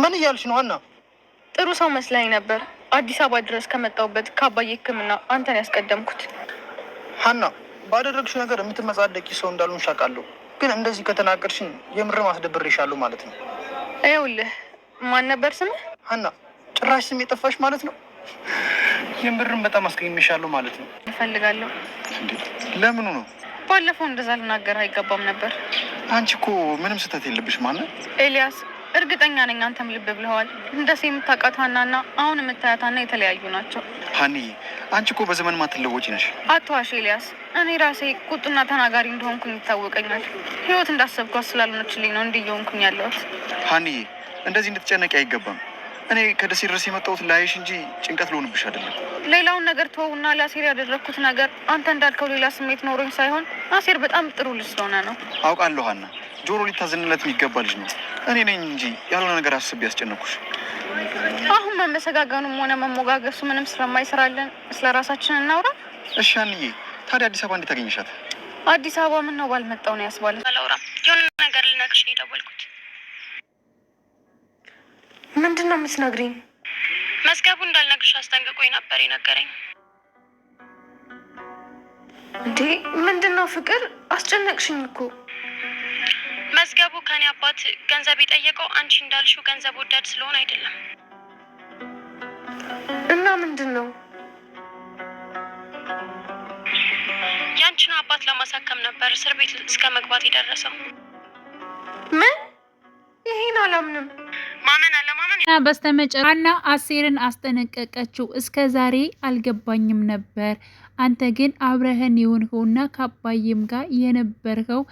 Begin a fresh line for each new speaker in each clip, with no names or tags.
ምን እያልሽ ነው አና
ጥሩ ሰው መስላኝ ነበር። አዲስ አበባ ድረስ ከመጣሁበት ከአባዬ ሕክምና አንተን ያስቀደምኩት።
ሀና ባደረግሽ ነገር የምትመጻደቂ ሰው እንዳልሆንሽ አውቃለሁ፣ ግን እንደዚህ ከተናገርሽኝ የምር ማስደብሬሻለሁ ማለት ነው።
ይኸውልህ ማን ነበር ስምህ?
ሀና ጭራሽ ስም የጠፋሽ ማለት ነው። የምርም በጣም አስቀይሜሻለሁ ማለት ነው። እፈልጋለሁ። ለምኑ ነው?
ባለፈው እንደዛ ልናገር አይገባም ነበር።
አንቺ እኮ ምንም ስህተት የለብሽ። ማለት
ኤልያስ እርግጠኛ ነኝ አንተም ልብ ብለዋል። እንደሴ የምታውቃት ሀናና አሁን የምታያት ሀና የተለያዩ ናቸው።
ሀኒ አንቺ እኮ በዘመን ማትለወጪ ነሽ።
አትዋሽ ኤልያስ። እኔ ራሴ ቁጡና ተናጋሪ እንደሆንኩኝ ይታወቀኛል። ህይወት እንዳሰብኳት ስላልሆነችልኝ ነው እንዲህ እየሆንኩኝ ያለሁት።
ሀኒ እንደዚህ እንድትጨነቂ አይገባም። እኔ ከደሴ ድረስ የመጣሁት ላይሽ እንጂ ጭንቀት ልሆንብሽ አይደለም።
ሌላውን ነገር ተውና ለአሴር ያደረግኩት ነገር አንተ እንዳልከው ሌላ ስሜት ኖሮኝ ሳይሆን አሴር በጣም ጥሩ ልጅ ስለሆነ ነው።
አውቃለሁ ሀና ጆሮ ሊታዘንለት የሚገባ ልጅ ነው። እኔ ነኝ እንጂ ያልሆነ ነገር አስቤ ያስጨነኩሽ።
አሁን መመሰጋገኑም ሆነ መሞጋገሱ ምንም ስለማይሰራልን ስለ ራሳችን እናውራ።
እሺ አንዬ፣ ታዲያ አዲስ አበባ እንዴት አገኘሻት?
አዲስ አበባ ምን ነው ባልመጣው ነው ያስባለ። ላውራ የሆነ ነገር ልነግርሽ ነው የደወልኩት። ምንድን ነው የምትነግሪኝ? መዝገቡ እንዳልነግርሽ አስጠንቅቆኝ ነበር የነገረኝ። እንዴ ምንድን ነው ፍቅር፣ አስጨነቅሽኝ እኮ መዝገቡ ከኔ አባት ገንዘብ የጠየቀው አንቺ እንዳልሽው ገንዘብ ወዳድ ስለሆነ አይደለም። እና ምንድን ነው? ያንቺን አባት ለማሳከም ነበር እስር ቤት እስከ መግባት የደረሰው። ምን? ይሄን አላምንም። ማመን አለማመን
በስተመጨረሻ ሀና አሴርን አስጠነቀቀችው። እስከ ዛሬ አልገባኝም ነበር። አንተ ግን አብረህን የሆንከውና ከአባዬም ጋር የነበርከው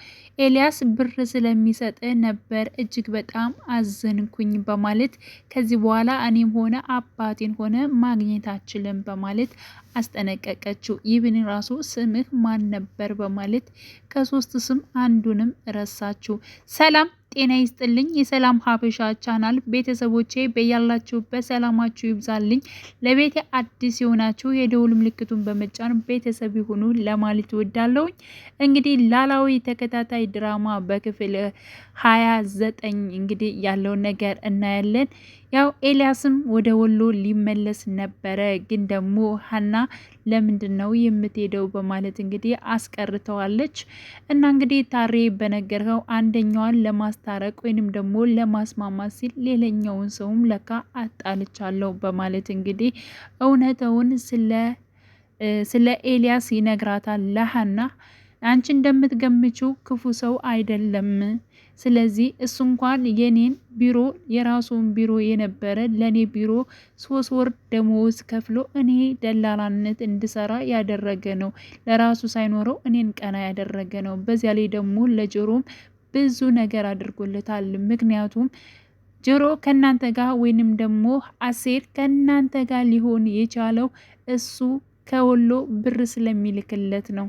ኤልያስ ብር ስለሚሰጥ ነበር እጅግ በጣም አዘንኩኝ በማለት ከዚህ በኋላ እኔም ሆነ አባቴን ሆነ ማግኘት አችልም በማለት አስጠነቀቀችው። ይብን ራሱ ስምህ ማን ነበር በማለት ከሶስት ስም አንዱንም ረሳችው። ሰላም ጤና ይስጥልኝ። የሰላም ሀበሻ ቻናል ቤተሰቦቼ በያላችሁበት ሰላማችሁ ይብዛልኝ። ለቤቴ አዲስ የሆናችሁ የደውል ምልክቱን በመጫን ቤተሰብ ይሁኑ ለማለት ወዳለውኝ። እንግዲህ ኖላዊ ተከታታይ ድራማ በክፍል ሀያ ዘጠኝ እንግዲህ ያለውን ነገር እናያለን። ያው ኤልያስም ወደ ወሎ ሊመለስ ነበረ፣ ግን ደግሞ ሀና ለምንድን ነው የምትሄደው በማለት እንግዲህ አስቀርተዋለች። እና እንግዲህ ታሬ በነገርከው አንደኛዋን ለማስታረቅ ወይንም ደግሞ ለማስማማት ሲል ሌላኛውን ሰውም ለካ አጣልቻለሁ በማለት እንግዲህ እውነተውን ስለ ስለ ኤልያስ ይነግራታል ለሀና አንቺ እንደምትገምችው ክፉ ሰው አይደለም። ስለዚህ እሱ እንኳን የኔን ቢሮ የራሱን ቢሮ የነበረ ለእኔ ቢሮ ሶስት ወር ደሞዝ ከፍሎ እኔ ደላላነት እንድሰራ ያደረገ ነው። ለራሱ ሳይኖረው እኔን ቀና ያደረገ ነው። በዚያ ላይ ደግሞ ለጆሮም ብዙ ነገር አድርጎለታል። ምክንያቱም ጆሮ ከእናንተ ጋር ወይንም ደግሞ አሴር ከእናንተ ጋር ሊሆን የቻለው እሱ ከወሎ ብር ስለሚልክለት ነው።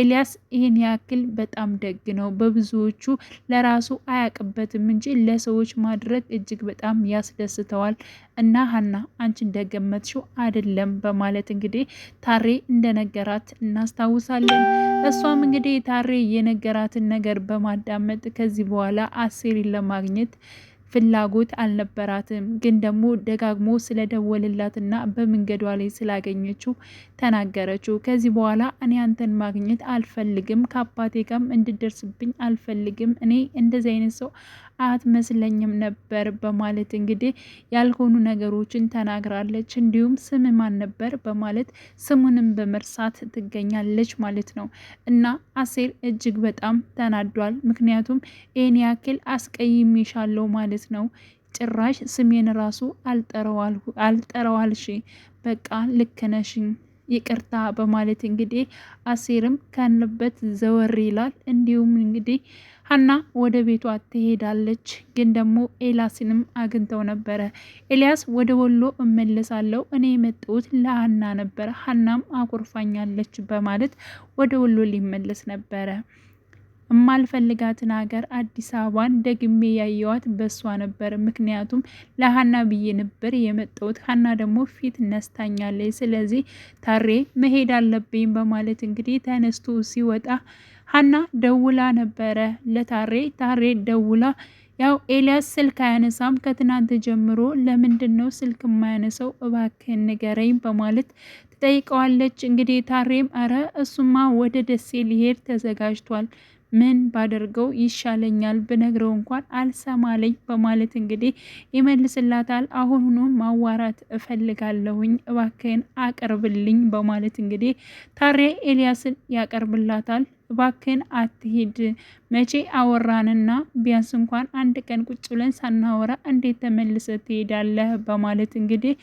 ኤልያስ ይህን ያክል በጣም ደግ ነው። በብዙዎቹ ለራሱ አያውቅበትም እንጂ ለሰዎች ማድረግ እጅግ በጣም ያስደስተዋል። እና ሀና አንቺ እንደገመትሽው አይደለም በማለት እንግዲህ ታሬ እንደነገራት እናስታውሳለን። እሷም እንግዲህ ታሬ የነገራትን ነገር በማዳመጥ ከዚህ በኋላ አሴሪን ለማግኘት ፍላጎት አልነበራትም። ግን ደግሞ ደጋግሞ ስለደወልላትና በመንገዷ ላይ ስላገኘችው ተናገረችው። ከዚህ በኋላ እኔ አንተን ማግኘት አልፈልግም፣ ከአባቴ ጋርም እንድደርስብኝ አልፈልግም። እኔ እንደዚህ አይነት ሰው አትመስለኝም ነበር በማለት እንግዲህ ያልሆኑ ነገሮችን ተናግራለች። እንዲሁም ስም ማን ነበር በማለት ስሙንም በመርሳት ትገኛለች ማለት ነው። እና አሴር እጅግ በጣም ተናዷል። ምክንያቱም ይህን ያክል አስቀይሜሻለሁ ማለት ነው ጭራሽ ስሜን ራሱ አልጠረዋልሽ። በቃ ልክ ይቅርታ በማለት እንግዲህ አሴርም ካለበት ዘወር ይላል። እንዲሁም እንግዲህ ሀና ወደ ቤቷ ትሄዳለች። ግን ደግሞ ኤላስንም አግኝተው ነበረ። ኤልያስ ወደ ወሎ እመለሳለሁ እኔ የመጣሁት ለሀና ነበረ፣ ሀናም አኩርፋኛለች በማለት ወደ ወሎ ሊመለስ ነበረ። የማልፈልጋትን ሀገር አዲስ አበባን ደግሜ ያየዋት በሷ ነበር። ምክንያቱም ለሀና ብዬ ነበር የመጣሁት። ሀና ደግሞ ፊት ነስታኛለች። ስለዚህ ታሬ መሄድ አለብኝ በማለት እንግዲህ ተነስቶ ሲወጣ ሀና ደውላ ነበረ ለታሬ። ታሬ ደውላ ያው ኤልያስ ስልክ አያነሳም ከትናንት ጀምሮ፣ ለምንድን ነው ስልክ የማያነሰው እባክህን ንገረኝ በማለት ትጠይቀዋለች። እንግዲህ ታሬም አረ እሱማ ወደ ደሴ ሊሄድ ተዘጋጅቷል ምን ባደርገው ይሻለኛል ብነግረው እንኳን አልሰማለኝ በማለት እንግዲህ ይመልስላታል። አሁኑኑ ማዋራት እፈልጋለሁኝ እባክህን አቅርብልኝ በማለት እንግዲህ ታሬ ኤልያስን ያቀርብላታል። እባክህን አትሂድ፣ መቼ አወራንና ቢያንስ እንኳን አንድ ቀን ቁጭ ብለን ሳናወራ እንዴት ተመልሰ ትሄዳለህ? በማለት እንግዲህ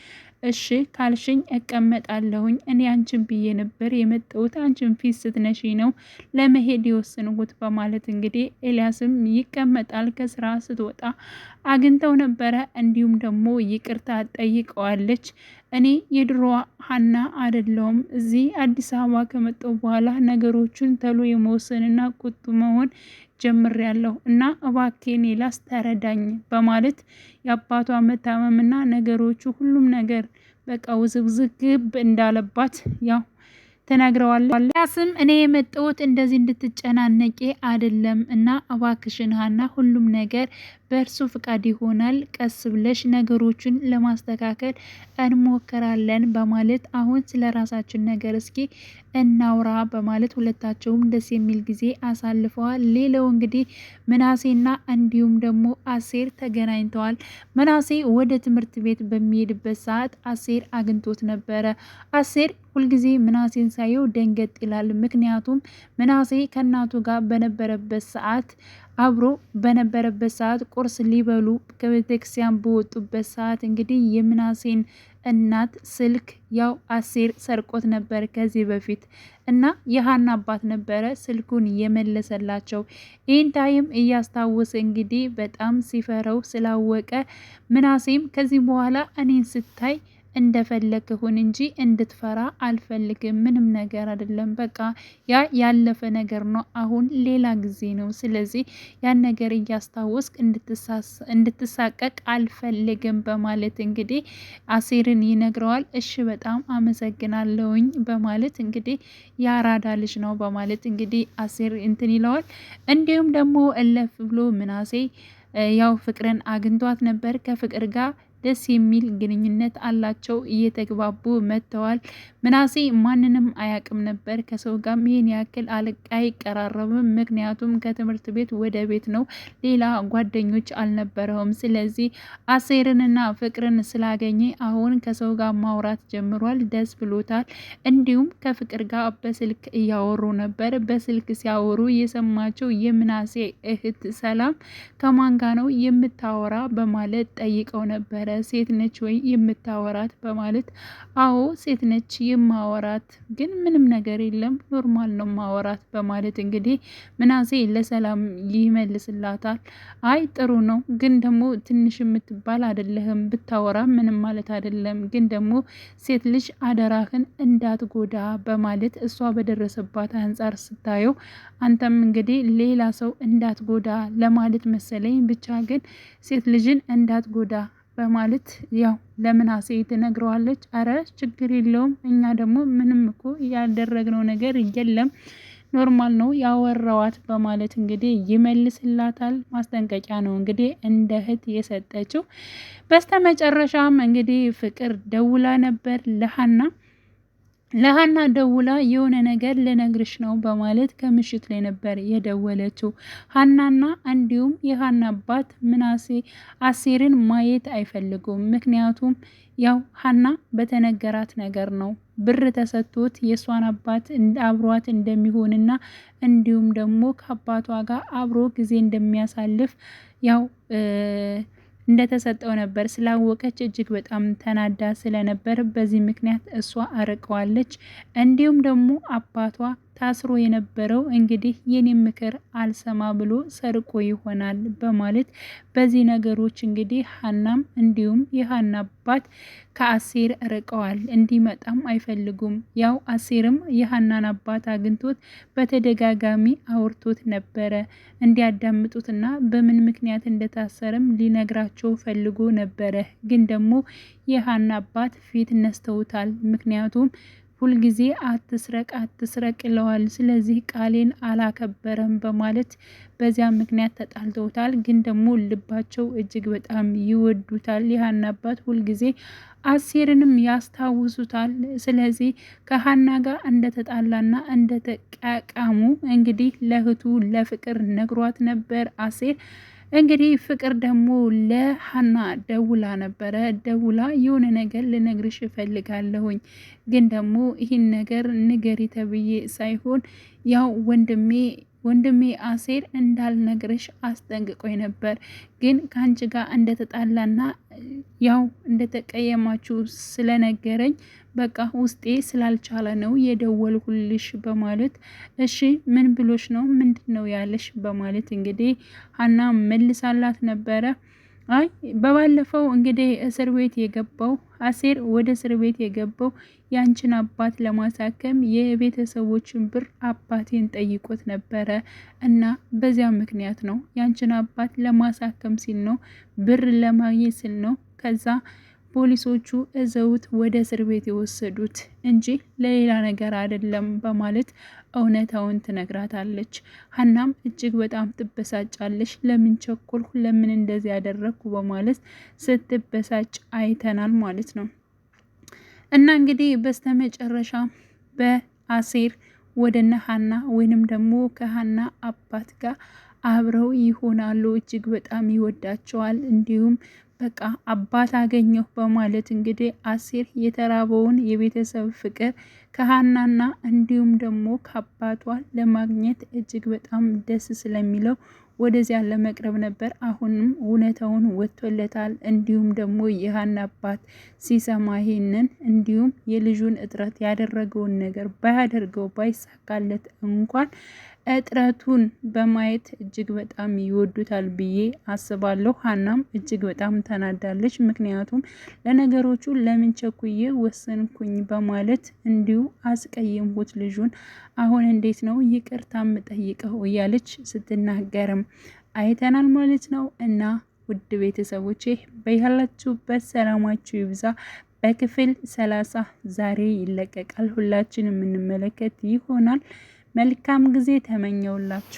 እሺ ካልሽኝ እቀመጣለሁኝ። እኔ አንቺን ብዬ ነበር የመጣሁት አንቺን ፊት ስትነሺ ነው ለመሄድ የወሰንኩት በማለት እንግዲህ ኤልያስም ይቀመጣል። ከስራ ስትወጣ አግኝተው ነበረ። እንዲሁም ደግሞ ይቅርታ ጠይቀዋለች። እኔ የድሮ ሀና አይደለሁም። እዚህ አዲስ አበባ ከመጣሁ በኋላ ነገሮችን ተሎ የመወሰንና ቁጡ መሆን ጀምሬያለሁ እና እባኬን ሌላስ ተረዳኝ በማለት የአባቷ መታመምና ነገሮቹ ሁሉም ነገር በቃ ውዝግዝግብ እንዳለባት ያው ተናግረዋለች። ያስም እኔ የመጣሁት እንደዚህ እንድትጨናነቄ አይደለም እና እባክሽን ሀና ሁሉም ነገር በእርሱ ፍቃድ ይሆናል፣ ቀስ ብለሽ ነገሮችን ለማስተካከል እንሞክራለን በማለት አሁን ስለ ራሳችን ነገር እስኪ እናውራ በማለት ሁለታቸውም ደስ የሚል ጊዜ አሳልፈዋል። ሌላው እንግዲህ ምናሴና እንዲሁም ደግሞ አሴር ተገናኝተዋል። ምናሴ ወደ ትምህርት ቤት በሚሄድበት ሰዓት አሴር አግኝቶት ነበረ። አሴር ሁልጊዜ ምናሴን ሳየው ደንገጥ ይላል። ምክንያቱም ምናሴ ከእናቱ ጋር በነበረበት ሰዓት አብሮ በነበረበት ሰዓት ቁርስ ሊበሉ ከቤተክርስቲያን በወጡበት ሰዓት እንግዲህ የምናሴን እናት ስልክ ያው አሴር ሰርቆት ነበር ከዚህ በፊት እና የሀና አባት ነበረ ስልኩን የመለሰላቸው። ይህን ታይም እያስታወሰ እንግዲህ በጣም ሲፈረው ስላወቀ ምናሴም ከዚህ በኋላ እኔን ስታይ እንደፈለግ ሁን እንጂ እንድትፈራ አልፈልግም። ምንም ነገር አይደለም። በቃ ያ ያለፈ ነገር ነው። አሁን ሌላ ጊዜ ነው። ስለዚህ ያን ነገር እያስታወስክ እንድትሳቀቅ አልፈልግም በማለት እንግዲህ አሴርን ይነግረዋል። እሺ በጣም አመሰግናለሁኝ በማለት እንግዲህ ያራዳ ልጅ ነው በማለት እንግዲህ አሴር እንትን ይለዋል። እንዲሁም ደግሞ እለፍ ብሎ ምናሴ ያው ፍቅርን አግኝቷት ነበር ከፍቅር ጋር ደስ የሚል ግንኙነት አላቸው፣ እየተግባቡ መጥተዋል። ምናሴ ማንንም አያውቅም ነበር። ከሰው ጋርም ይህን ያክል አይቀራረብም። ምክንያቱም ከትምህርት ቤት ወደ ቤት ነው፣ ሌላ ጓደኞች አልነበረውም። ስለዚህ አሴርንና ፍቅርን ስላገኘ አሁን ከሰው ጋር ማውራት ጀምሯል። ደስ ብሎታል። እንዲሁም ከፍቅር ጋር በስልክ እያወሩ ነበር። በስልክ ሲያወሩ የሰማቸው የምናሴ እህት ሰላም ከማን ጋር ነው የምታወራ በማለት ጠይቀው ነበረ። ሴት ነች ወይ የምታወራት በማለት አዎ ሴት ነች የማወራት፣ ግን ምንም ነገር የለም ኖርማል ነው ማወራት በማለት እንግዲህ ምናሴ ለሰላም ይመልስላታል። አይ ጥሩ ነው፣ ግን ደግሞ ትንሽ የምትባል አይደለህም ብታወራ ምንም ማለት አይደለም፣ ግን ደግሞ ሴት ልጅ አደራህን እንዳትጎዳ በማለት እሷ በደረሰባት አንጻር ስታየው አንተም እንግዲህ ሌላ ሰው እንዳትጎዳ ለማለት መሰለኝ ብቻ ግን ሴት ልጅን እንዳትጎዳ በማለት ያው ለምናሴ ትነግረዋለች። አረ ችግር የለውም እኛ ደግሞ ምንም እኮ ያደረግነው ነገር የለም ኖርማል ነው ያወራዋት በማለት እንግዲህ ይመልስላታል። ማስጠንቀቂያ ነው እንግዲህ እንደ እህት የሰጠችው። በስተመጨረሻም እንግዲህ ፍቅር ደውላ ነበር ለሀና ለሀና ደውላ የሆነ ነገር ልነግርሽ ነው በማለት ከምሽት ላይ ነበር የደወለችው። ሀናና እንዲሁም የሀና አባት ምናሴ አሴርን ማየት አይፈልጉም። ምክንያቱም ያው ሀና በተነገራት ነገር ነው ብር ተሰጥቶት የእሷን አባት አብሯት እንደሚሆንና እንዲሁም ደግሞ ከአባቷ ጋር አብሮ ጊዜ እንደሚያሳልፍ ያው እንደተሰጠው ነበር። ስላወቀች እጅግ በጣም ተናዳ ስለነበር በዚህ ምክንያት እሷ አርቀዋለች። እንዲሁም ደግሞ አባቷ ታስሮ የነበረው እንግዲህ የኔ ምክር አልሰማ ብሎ ሰርቆ ይሆናል በማለት በዚህ ነገሮች እንግዲህ ሀናም እንዲሁም የሀና አባት ከአሴር ርቀዋል። እንዲመጣም አይፈልጉም። ያው አሴርም የሀናን አባት አግኝቶት በተደጋጋሚ አውርቶት ነበረ። እንዲያዳምጡትና በምን ምክንያት እንደታሰረም ሊነግራቸው ፈልጎ ነበረ። ግን ደግሞ የሀና አባት ፊት ነስተውታል። ምክንያቱም ሁልጊዜ አትስረቅ አትስረቅ ይለዋል። ስለዚህ ቃሌን አላከበረም በማለት በዚያ ምክንያት ተጣልተውታል። ግን ደግሞ ልባቸው እጅግ በጣም ይወዱታል። የሀና አባት ሁልጊዜ አሴርንም ያስታውሱታል። ስለዚህ ከሀና ጋር እንደተጣላና እንደተቃቃሙ እንግዲህ ለእህቱ ለፍቅር ነግሯት ነበር አሴር እንግዲህ ፍቅር ደግሞ ለሀና ደውላ ነበረ። ደውላ የሆነ ነገር ልነግርሽ እፈልጋለሁኝ፣ ግን ደግሞ ይህን ነገር ንገሪ ተብዬ ሳይሆን ያው ወንድሜ ወንድሜ አሴር እንዳልነግርሽ አስጠንቅቆኝ ነበር፣ ግን ከአንቺ ጋር እንደተጣላና ያው እንደተቀየማችሁ ስለነገረኝ በቃ ውስጤ ስላልቻለ ነው ሁልሽ በማለት እሺ ምን ብሎሽ ነው ምንድን ነው ያለሽ በማለት እንግዲህ ሀና መልሳላት ነበረ። አይ በባለፈው እንግዲህ እስር ቤት የገባው አሴር ወደ እስር ቤት የገባው ያንቺን አባት ለማሳከም የቤተሰቦችን ብር አባቴን ጠይቆት ነበረ እና በዚያ ምክንያት ነው ያንቺን አባት ለማሳከም ሲል ነው ብር ለማግኘት ሲል ነው ከዛ ፖሊሶቹ እዘውት ወደ እስር ቤት የወሰዱት እንጂ ለሌላ ነገር አይደለም በማለት እውነታውን ትነግራታለች። ሀናም እጅግ በጣም ትበሳጫለች። ለምን ቸኮልኩ፣ ለምን እንደዚህ ያደረግኩ በማለት ስትበሳጭ አይተናል ማለት ነው። እና እንግዲህ በስተመጨረሻ በአሴር ወደነ ሀና ወይንም ደግሞ ከሀና አባት ጋር አብረው ይሆናሉ። እጅግ በጣም ይወዳቸዋል እንዲሁም በቃ አባት አገኘሁ በማለት እንግዲህ አሴር የተራበውን የቤተሰብ ፍቅር ከሀናና እንዲሁም ደግሞ ከአባቷ ለማግኘት እጅግ በጣም ደስ ስለሚለው ወደዚያ ለመቅረብ ነበር። አሁንም እውነታውን ወጥቶለታል። እንዲሁም ደግሞ የሀና አባት ሲሰማ ይሄንን እንዲሁም የልጁን እጥረት ያደረገውን ነገር ባያደርገው ባይሳካለት እንኳን እጥረቱን በማየት እጅግ በጣም ይወዱታል ብዬ አስባለሁ። ሀናም እጅግ በጣም ተናዳለች። ምክንያቱም ለነገሮቹ ለምን ቸኩዬ ወሰንኩኝ በማለት እንዲሁ አስቀየምኩት ልጁን። አሁን እንዴት ነው ይቅርታ የምጠይቀው እያለች ስትናገርም አይተናል ማለት ነው። እና ውድ ቤተሰቦቼ በያላችሁበት ሰላማችሁ ይብዛ። በክፍል ሰላሳ ዛሬ ይለቀቃል። ሁላችን የምንመለከት ይሆናል። መልካም ጊዜ ተመኘውላችሁ።